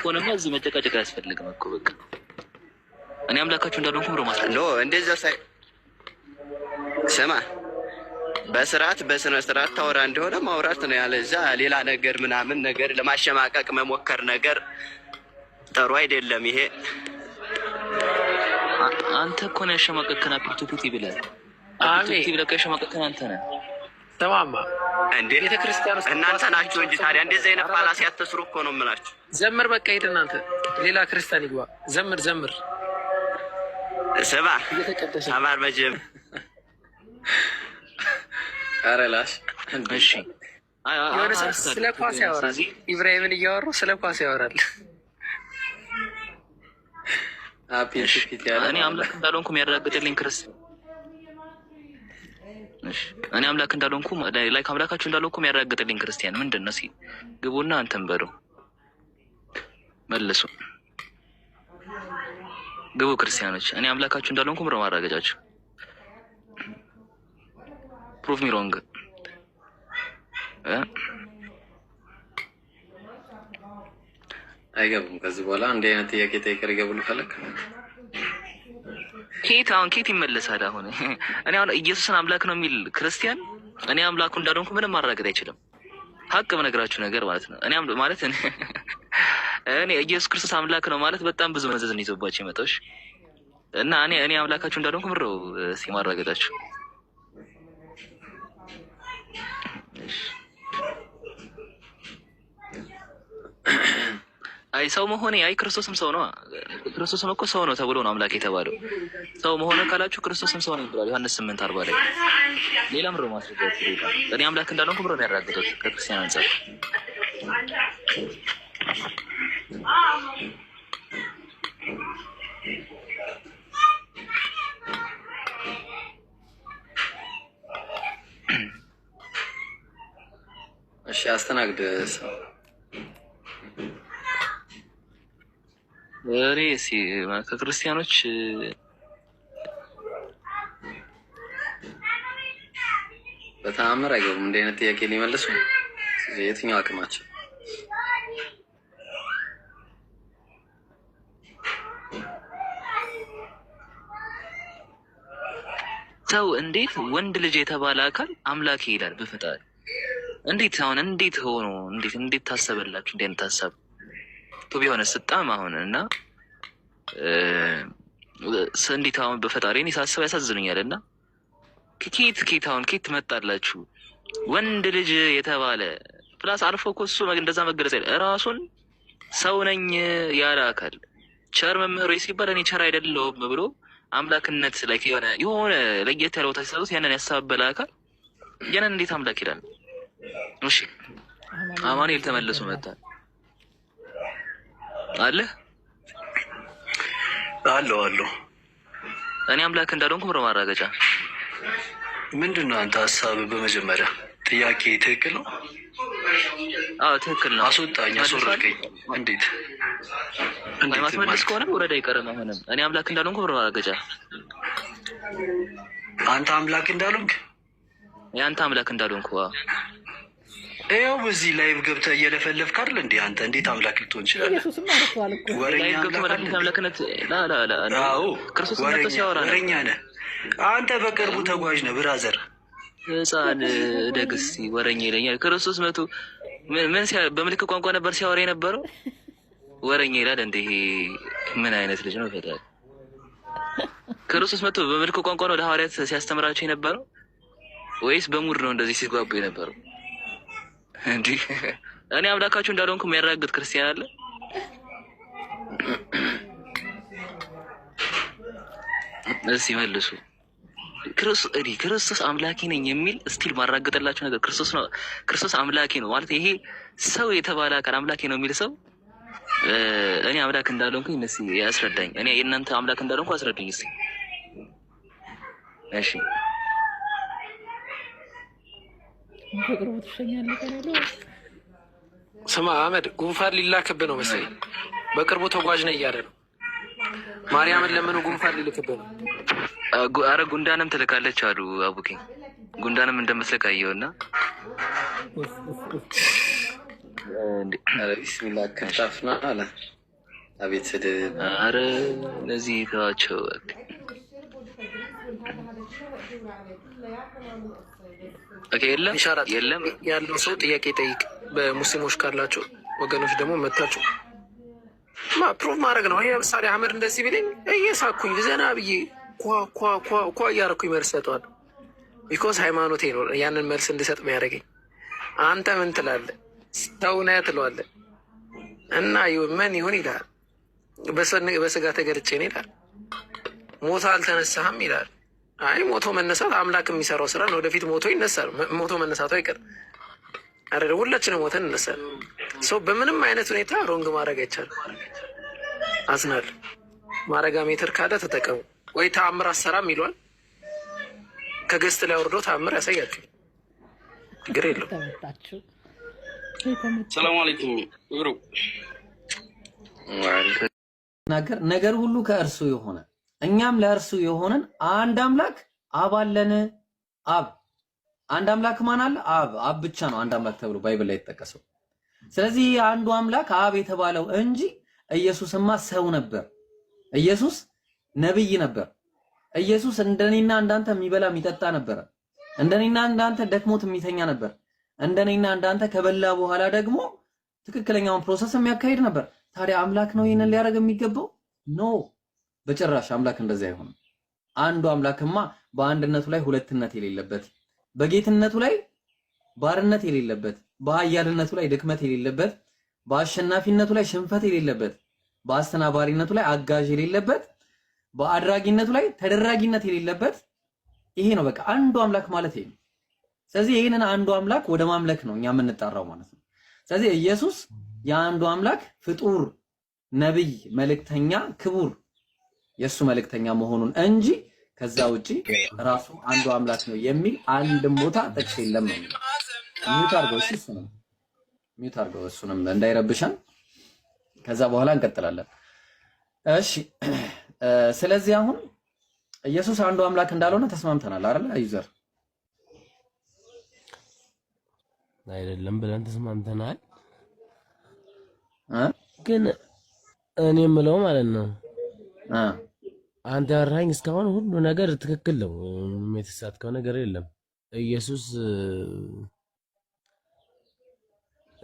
ከሆነማ እዚህ መጨቃጨቅ አያስፈልግም እኮ በቃ እኔ አምላካችሁ እንዳልሆንኩ ብሎ ማስ ኖ እንደዛ ሳይ ስማ፣ በስርዓት በስነ ስርዓት ታወራ እንደሆነ ማውራት ነው ያለ። እዛ ሌላ ነገር ምናምን ነገር ለማሸማቀቅ መሞከር ነገር ጥሩ አይደለም። ይሄ አንተ እኮ ነው ያሸማቀቅከን። አፒክቶፒት ይብላል አፒክቶፒት ይብላ ከሸማቀቅከን አንተ ነህ ተማማ እንዴ ቤተ ክርስቲያን ውስጥ እናንተ ናችሁ እንጂ ታዲያ እንደዚህ አይነት ፋላሲ አትስሩ እኮ ነው የምላችሁ። ዘምር በቃ ሂድ፣ እናንተ ሌላ ክርስቲያን ይግባ። ዘምር ዘምር፣ ስማ አማር መጀም አረላሽ እሺ። ስለ ኳስ ያወራል። ኢብራሂምን እያወሩ ስለ ኳስ ያወራል። እኔ አምላክ እንዳልሆንኩ የሚያረጋግጥልኝ ክርስቲያን እኔ አምላክ እንዳልሆንኩ ላይ አምላካችሁ እንዳልሆንኩ ክርስቲያን ምንድን ነው? ሲል ግቡና አንተን በለው መልሱ። ግቡ ክርስቲያኖች፣ እኔ አምላካችሁ እንዳልሆንኩ ምረ ማረጋጫችሁ ፕሩቭ ሚ ሮንግ አይገቡም። ከዚህ በኋላ እንዲህ አይነት ጥያቄ ጠይቀር ይገቡ ልፈለግ ኬት አሁን ኬት ይመለሳል? አሁን እኔ አሁን ኢየሱስን አምላክ ነው የሚል ክርስቲያን እኔ አምላኩ እንዳልሆንኩ ምንም ማረጋገጥ አይችልም። ሀቅ በነገራችሁ ነገር ማለት ነው። እኔ ማለት እኔ ኢየሱስ ክርስቶስ አምላክ ነው ማለት በጣም ብዙ መዘዝ ነው ይዞባቸው የመጣሁሽ እና እኔ እኔ አምላካችሁ እንዳልሆንኩ ምረው ሲማረጋገጣችሁ አይ ሰው መሆኔ አይ ክርስቶስም ሰው ነው። ክርስቶስም እኮ ሰው ነው ተብሎ ነው አምላክ የተባለው። ሰው መሆነ ካላችሁ ክርስቶስም ሰው ነው ብሏል ዮሐንስ ስምንት አርባ ላይ። ሌላ ምሮ ማስረጃ እኔ አምላክ እንዳልሆንኩ ብሎ ነው ከክርስቲያን አንጻር። እሺ አስተናግድ ሰው እኔ ከክርስቲያኖች በተአምር አይገቡም። እንዲህ አይነት ጥያቄ ሊመልሱ የትኛው አቅማቸው ሰው እንዴት ወንድ ልጅ የተባለ አካል አምላክ ይላል በፈጣሪ እንዴት አሁን እንዴት ሆኖ እንዴት እንዴት ታሰበላችሁ እንዴት ታሰብ ቱ ቢሆነ ስጣም አሁን እና እንዴት አሁን በፈጣሪ እኔ ሳስበው ያሳዝኑኛል። እና ኬት ኬት አሁን ኬት ትመጣላችሁ ወንድ ልጅ የተባለ ፕላስ አልፎ ኮሱ እሱ እንደዛ መገለጽ ራሱን ሰው ነኝ ያለ አካል ቸር መምህር ሲባል እኔ ቸር አይደለሁም ብሎ አምላክነት ላይ የሆነ የሆነ ለየት ያለ ቦታ ሲሰጡት ያንን ያሳበለ አካል ያንን እንዴት አምላክ ይላል? እሺ አማኑኤል ተመልሶ መጣል አለ አለው አለው። እኔ አምላክ እንዳልሆንኩ ማራገጫ ምንድን ነው? አንተ ሀሳብ በመጀመሪያ ጥያቄ ትክክል ነው። አዎ ትክክል ነው። አስወጣኝ፣ አስወረድከኝ። እንዴት ማትመልስ ከሆነ ወረድ አይቀርም። አሁንም እኔ አምላክ እንዳልሆንኩ ማራገጫ አንተ አምላክ እንዳልሆንክ የአንተ አምላክ እንዳልሆንኩ ይኸው በዚህ ላይቭ ገብተህ እየለፈለፍክ አይደል እንዴ? አንተ እንዴት አምላክ ልትሆን ይችላለህ? ወረኛ ነህ አንተ። በቅርቡ ተጓዥ ነህ ብራዘር። ህፃን ደግስ ወረኛ ይለኛል። ክርስቶስ መቶ ምን በምልክ ቋንቋ ነበር ሲያወራ የነበረው? ወረኛ ይላል እንደ ምን አይነት ልጅ ነው? ፈጣሪ ክርስቶስ መቶ በምልክ ቋንቋ ነው ለሐዋርያት ሲያስተምራቸው የነበረው ወይስ በሙድ ነው እንደዚህ ሲጓቡ የነበረው? እንጂ እኔ አምላካችሁ እንዳልሆንኩ የሚያረጋግጥ ክርስቲያን አለ? እስቲ መልሱ። ክርስቶስ አምላኪ ነኝ የሚል ስቲል ማራገጠላችሁ ነገር ክርስቶስ ነው። ክርስቶስ አምላኪ ነው ማለት ይሄ ሰው የተባለ አካል አምላኪ ነው የሚል ሰው እኔ አምላክ እንዳልሆንኩኝ መስ ያስረዳኝ። እኔ የእናንተ አምላክ እንዳልሆንኩ አስረዱኝ እስቲ። እሺ በቅርቡ ትሸኛለህ። ስማ አህመድ፣ ጉንፋን ሊላክብህ ነው መሰለኝ። በቅርቡ ተጓዥ ነህ እያለ ነው። ማርያምን ለምኑ፣ ጉንፋን ሊልክብህ ነው። አረ ጉንዳንም ትልካለች አሉ አቡኪ። ጉንዳንም እንደምትልክ አየሁ እና አለ። አቤት ስድብ! አረ እነዚህ ተዋቸው። የለም የለም ያለው ሰው ጥያቄ ጠይቅ። በሙስሊሞች ካላቸው ወገኖች ደግሞ መታቸው ፕሩቭ ማድረግ ነው። ይሄ ለምሳሌ አህመድ እንደዚህ ቢለኝ እየሳኩኝ ዘና ብዬ ኳኳኳኳ እያደረኩኝ መልስ ሰጠዋል። ቢኮዝ ሃይማኖቴ ነው ያንን መልስ እንድሰጥ የሚያደርገኝ። አንተ ምን ትላለህ? ሰው ነህ ትለዋለህ እና ምን ይሁን ይላል። በስጋ ተገልጬ ነው ይላል። ሞት አልተነሳህም ይላል። አይ ሞቶ መነሳት አምላክ የሚሰራው ስራ ነው። ወደፊት ሞቶ ይነሳል። ሞቶ መነሳቱ አይቀርም። አረ ሁላችንም ሞተን እነሳል። ሰው በምንም አይነት ሁኔታ ሮንግ ማድረግ አይቻልም። አዝናል ማረጋ ሜትር ካለ ተጠቀሙ ወይ ተአምር አሰራም ይሏል። ከገስት ላይ ወርዶ ተአምር ያሳያችሁ ችግር የለው። ሰላም አለይኩም ነገር ሁሉ ከእርሱ የሆነ እኛም ለእርሱ የሆነን አንድ አምላክ አብ አለን። አብ አንድ አምላክ ማን አለ? አብ አብ ብቻ ነው አንድ አምላክ ተብሎ ባይብል ላይ የተጠቀሰው። ስለዚህ አንዱ አምላክ አብ የተባለው እንጂ ኢየሱስማ ሰው ነበር። ኢየሱስ ነብይ ነበር። ኢየሱስ እንደኔና እንዳንተ የሚበላ የሚጠጣ ነበር እንደኔና እንዳንተ ደክሞት የሚተኛ ነበር። እንደኔና እንዳንተ ከበላ በኋላ ደግሞ ትክክለኛውን ፕሮሰስ የሚያካሂድ ነበር። ታዲያ አምላክ ነው ይሄንን ሊያደርግ የሚገባው? ኖ በጭራሽ አምላክ እንደዚህ አይሆንም። አንዱ አምላክማ በአንድነቱ ላይ ሁለትነት የሌለበት፣ በጌትነቱ ላይ ባርነት የሌለበት፣ በኃያልነቱ ላይ ድክመት የሌለበት፣ በአሸናፊነቱ ላይ ሽንፈት የሌለበት፣ በአስተናባሪነቱ ላይ አጋዥ የሌለበት፣ በአድራጊነቱ ላይ ተደራጊነት የሌለበት ይሄ ነው በቃ አንዱ አምላክ ማለት ይሄ ነው። ስለዚህ ይሄንን አንዱ አምላክ ወደ ማምለክ ነው እኛ የምንጠራው ማለት ነው። ስለዚህ ኢየሱስ የአንዱ አምላክ ፍጡር፣ ነብይ፣ መልእክተኛ፣ ክቡር የእሱ መልእክተኛ መሆኑን እንጂ ከዛ ውጪ ራሱ አንዱ አምላክ ነው የሚል አንድም ቦታ ጥቅስ የለም ነው። ሚዩት አድርገው እሱ ነው ሚዩት አድርገው እሱንም እንዳይረብሻን። ከዛ በኋላ እንቀጥላለን። እሺ፣ ስለዚህ አሁን ኢየሱስ አንዱ አምላክ እንዳልሆነ ተስማምተናል አይደል? አይዘር አይደለም ብለን ተስማምተናል። ግን እኔ የምለው ማለት ነው አንተ ያወራኸኝ እስካሁን ሁሉ ነገር ትክክል ነው። የተሳትከው ነገር የለም። ኢየሱስ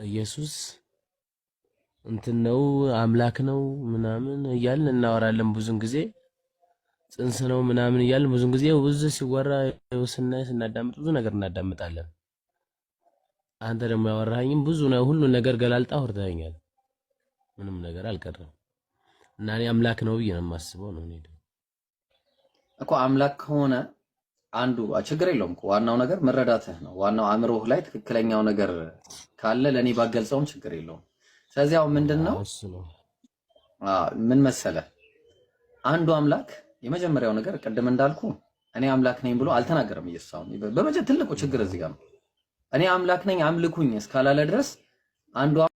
ኢየሱስ እንትን ነው አምላክ ነው ምናምን እያልን እናወራለን። ብዙን ጊዜ ጽንስ ነው ምናምን እያልን ብዙን ጊዜ ብዙ ሲወራ ስናይ ስናዳምጥ ብዙ ነገር እናዳምጣለን። አንተ ደግሞ ያወራኸኝም ብዙ ነው። ሁሉ ነገር ገላልጣ አውርተኸኛል። ምንም ነገር አልቀረም እና እኔ አምላክ ነው ብዬ ነው የማስበው ነው እኮ አምላክ ከሆነ አንዱ ችግር የለውም ዋናው ነገር መረዳትህ ነው። ዋናው አእምሮህ ላይ ትክክለኛው ነገር ካለ ለእኔ ባገልጸውም ችግር የለውም። ስለዚህ አሁን ምንድን ነው ምን መሰለ አንዱ አምላክ የመጀመሪያው ነገር ቅድም እንዳልኩ እኔ አምላክ ነኝ ብሎ አልተናገረም። ኢየሱስ አሁን በመጀ ትልቁ ችግር እዚህ ጋር ነው። እኔ አምላክ ነኝ አምልኩኝ እስካላለ ድረስ አንዱ